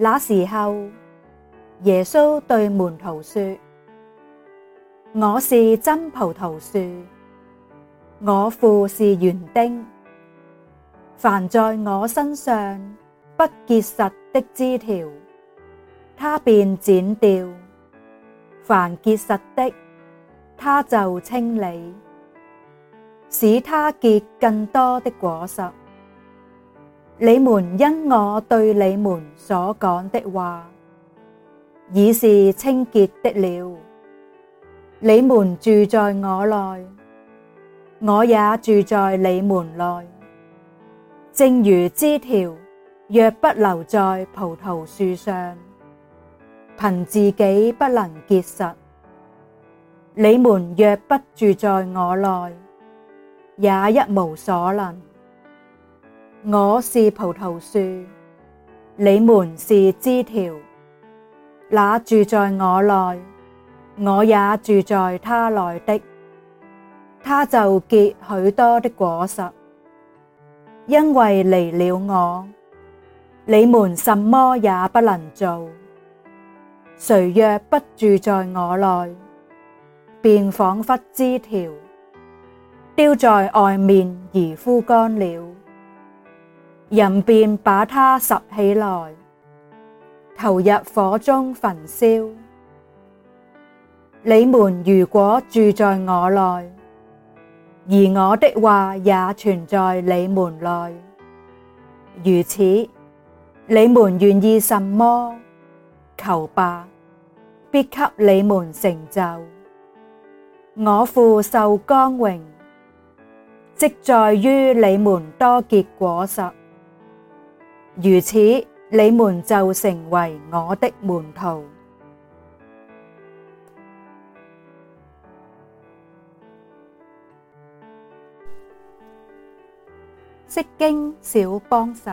那時候，耶穌對門徒說：“我是真葡萄樹，我父是園丁。凡在我身上不結實的枝條，他便剪掉；凡結實的，他就清理，使他結更多的果實。”你們因我對你們所講的話，已是清潔的了。你們住在我內，我也住在你們內，正如枝條若不留在葡萄樹上，憑自己不能結實。你們若不住在我內，也一無所能。我是葡萄樹，你們是枝條。那住在我內，我也住在他內的，他就結許多的果實。因為離了我，你們什麼也不能做。誰若不住在我內，便仿佛枝條，丟在外面而枯乾了。人便把它拾起來，投入火中焚燒。你們如果住在我內，而我的話也存在你們內，如此，你們願意什麼？求吧，必給你們成就。我父受光榮，即在於你們多結果實。如此，你們就成為我的門徒。釋經小幫手，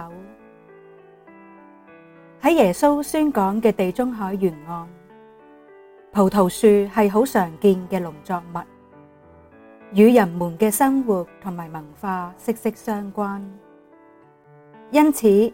喺耶穌宣講嘅地中海沿岸，葡萄樹係好常見嘅農作物，與人們嘅生活同埋文化息息相關，因此，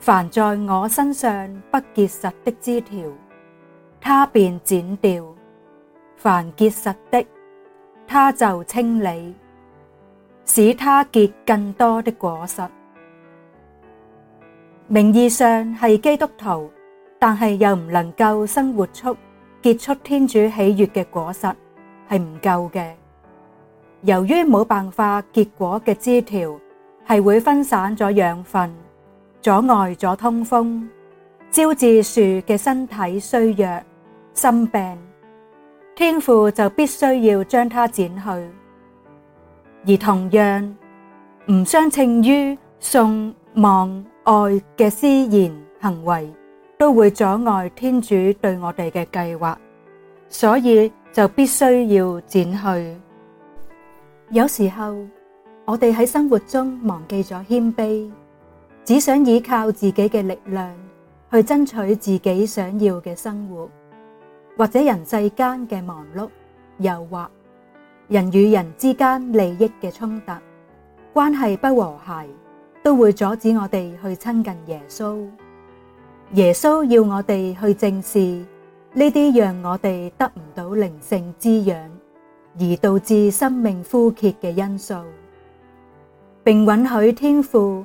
凡在我身上不結實的枝條，他便剪掉；凡結實的，他就清理，使他結更多的果實。名義上係基督徒，但係又唔能夠生活出結出天主喜悅嘅果實，係唔夠嘅。由於冇辦法結果嘅枝條，係會分散咗養分。阻礙咗通風，招致樹嘅身體衰弱、生病，天父就必須要將它剪去。而同樣唔相稱於信望愛嘅思言行為，都會阻礙天主對我哋嘅計劃，所以就必須要剪去。有時候我哋喺生活中忘記咗謙卑。只想依靠自己嘅力量去爭取自己想要嘅生活，或者人世間嘅忙碌、誘惑、人與人之間利益嘅衝突、關係不和諧，都會阻止我哋去親近耶穌。耶穌要我哋去正視呢啲讓我哋得唔到靈性滋養而導致生命枯竭嘅因素，並允許天父。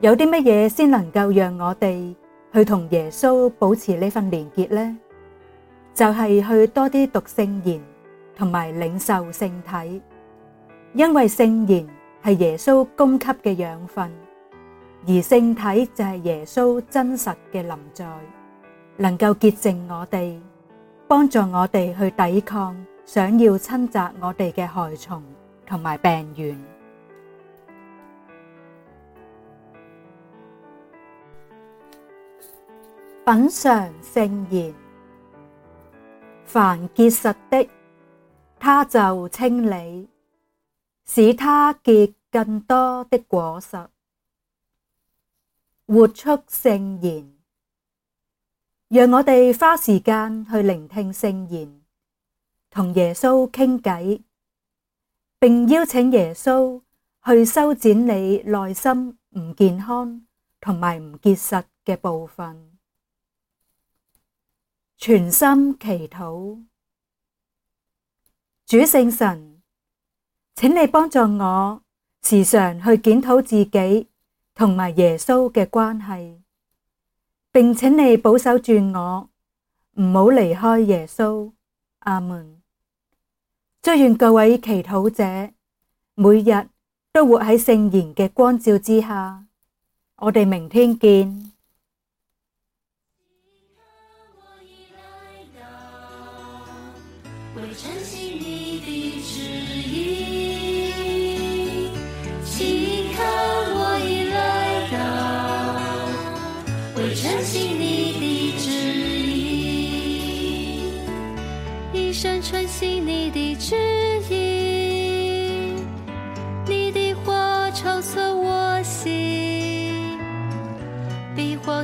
有啲乜嘢先能夠讓我哋去同耶穌保持呢份連結呢？就係去多啲讀聖言同埋領受聖體，因為聖言係耶穌供給嘅養分，而聖體就係耶穌真實嘅臨在，能夠潔淨我哋，幫助我哋去抵抗想要侵襲我哋嘅害蟲同埋病原。品嚐聖言，凡結實的，他就清理，使他結更多的果實，活出聖言。讓我哋花時間去聆聽聖言，同耶穌傾偈，並邀請耶穌去修剪你內心唔健康同埋唔結實嘅部分。全心祈禱，主聖神，請你幫助我時常去檢討自己同埋耶穌嘅關係，並請你保守住我，唔好離開耶穌。阿門。祝願各位祈禱者每日都活喺聖言嘅光照之下。我哋明天見。